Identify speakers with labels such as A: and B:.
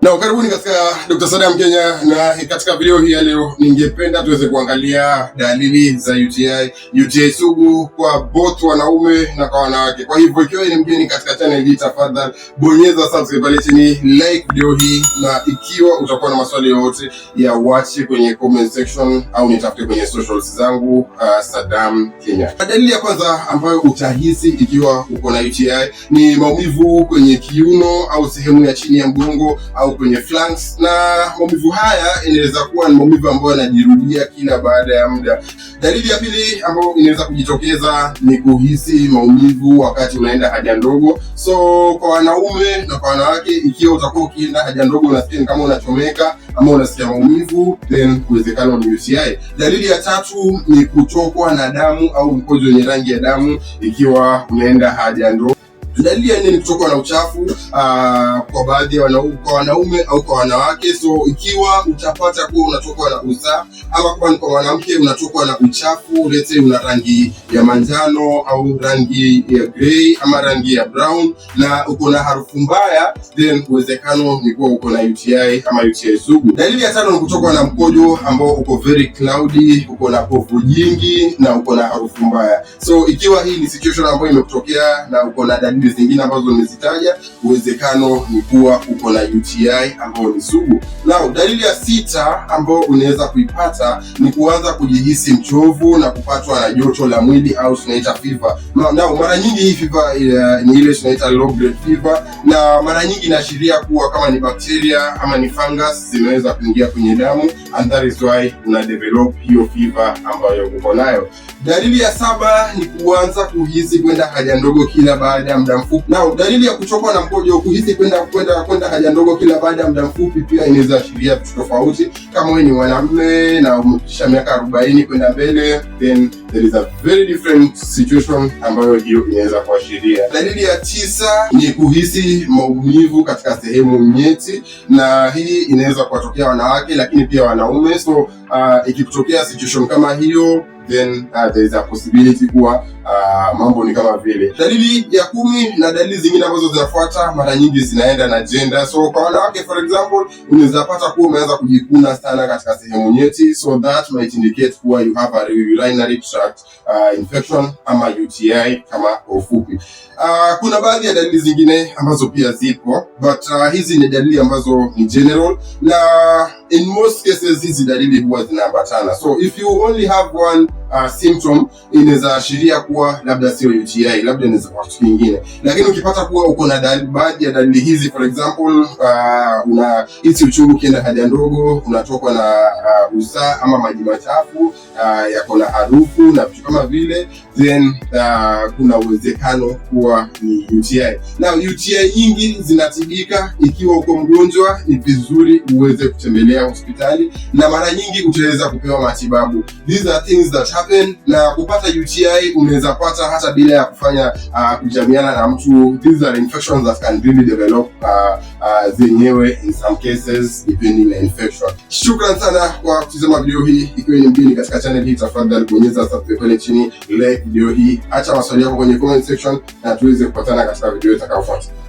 A: Na karibuni katika Dr. Sadam Kenya, na katika video hii ya leo ningependa tuweze kuangalia dalili za UTI, UTI sugu kwa both wanaume na kwa wanawake. Kwa hivyo ikiwa ni mgeni katika channel hii, tafadhali bonyeza subscribe pale chini, like video hii, na ikiwa utakuwa na maswali yoyote ya wache kwenye comment section au nitafute kwenye socials zangu uh, Sadam Kenya. Dalili ya kwanza ambayo utahisi ikiwa uko na UTI ni maumivu kwenye kiuno au sehemu ya chini ya mgongo au kwenye flanks, na maumivu haya inaweza kuwa ni maumivu ambayo yanajirudia kila baada ya muda. Dalili ya pili ambayo inaweza kujitokeza ni kuhisi maumivu wakati unaenda haja ndogo. So kwa wanaume na kwa wanawake, ikiwa utakuwa ukienda haja ndogo unasikia kama unachomeka ama unasikia maumivu, then uwezekano ni UTI. Dalili ya tatu ni kutokwa na damu au mkojo wenye rangi ya damu ikiwa unaenda haja ndogo. Dalili ya nne ni kutokwa na uchafu aa, ah, kwa baadhi ya wanaume, kwa wanaume au kwa wanawake. So ikiwa utapata kuwa unatokwa na usaa ama kwa kwa mwanamke unatokwa na uchafu, lete una rangi ya manjano au rangi ya grey ama rangi ya brown na uko na harufu mbaya, then uwezekano ni kuwa uko na UTI ama UTI sugu. Dalili ya tano ni kutokwa na mkojo ambao uko very cloudy, uko na povu nyingi na uko na harufu mbaya. So ikiwa hii ni situation ambayo imekutokea na uko na dalili fupi zingine ambazo nimezitaja, uwezekano ni kuwa uko na UTI ambayo ni sugu. Na dalili ya sita ambayo unaweza kuipata ni kuanza kujihisi mchovu na kupatwa na joto la mwili au tunaita fever. Na mara nyingi hii fever uh, ni ile tunaita low grade fever, na mara nyingi inaashiria kuwa kama ni bakteria ama ni fungus zinaweza kuingia kwenye damu and that is why una develop hiyo fever ambayo uko nayo. Dalili ya saba ni kuanza kuhisi kwenda haja ndogo kila baada ya muda mfupi. Na dalili ya kuchokwa na mkojo, kuhisi kwenda kwenda kwenda haja ndogo kila baada ya muda mfupi pia inaweza ashiria vitu tofauti, kama wewe ni mwanamume na umefikisha miaka 40 kwenda mbele then there is a very different situation ambayo hiyo inaweza kuashiria. Dalili ya tisa ni kuhisi maumivu katika sehemu nyeti, na hii inaweza kuwatokea wanawake lakini pia wanaume. So uh, ikikutokea situation kama hiyo then uh, there is a possibility kuwa uh, mambo ni kama vile. Dalili ya kumi na dalili zingine ambazo zinafuata mara nyingi zinaenda na gender. So kwa wanawake for example, unaweza pata kuwa umeanza kujikuna sana katika sehemu nyeti, so that might indicate kuwa you have a urinary tract tract uh, infection ama UTI kama kwa ufupi. Uh, kuna baadhi ya dalili zingine ambazo pia zipo but uh, hizi ni dalili ambazo ni general na in most cases hizi dalili huwa zinaambatana, so if you only have one uh, symptom inaweza ashiria kuwa labda sio UTI, labda inaweza kuwa kitu kingine. Lakini ukipata kuwa uko na baadhi ya dalili hizi, for example uh, una hisi uchungu ukienda haja ndogo, unatokwa na uh, usaa ama maji machafu uh, yako na harufu na vitu kama vile, then uh, kuna uwezekano kuwa ni UTI. Now UTI nyingi zinatibika. Ikiwa uko mgonjwa, ni vizuri uweze kutembelea ya hospitali, na mara nyingi utaweza kupewa matibabu. These are things that happen, na kupata UTI unaweza pata hata bila ya kufanya uh, kujamiana na mtu. These are infections that can really develop uh, uh, zenyewe in some cases depending on infection. Shukran sana kwa kutazama video hii. Ikiwa ni mgeni katika channel hii, tafadhali bonyeza subscribe pale chini, like video hii, acha maswali yako kwenye comment section na tuweze kupatana katika video itakayofuata.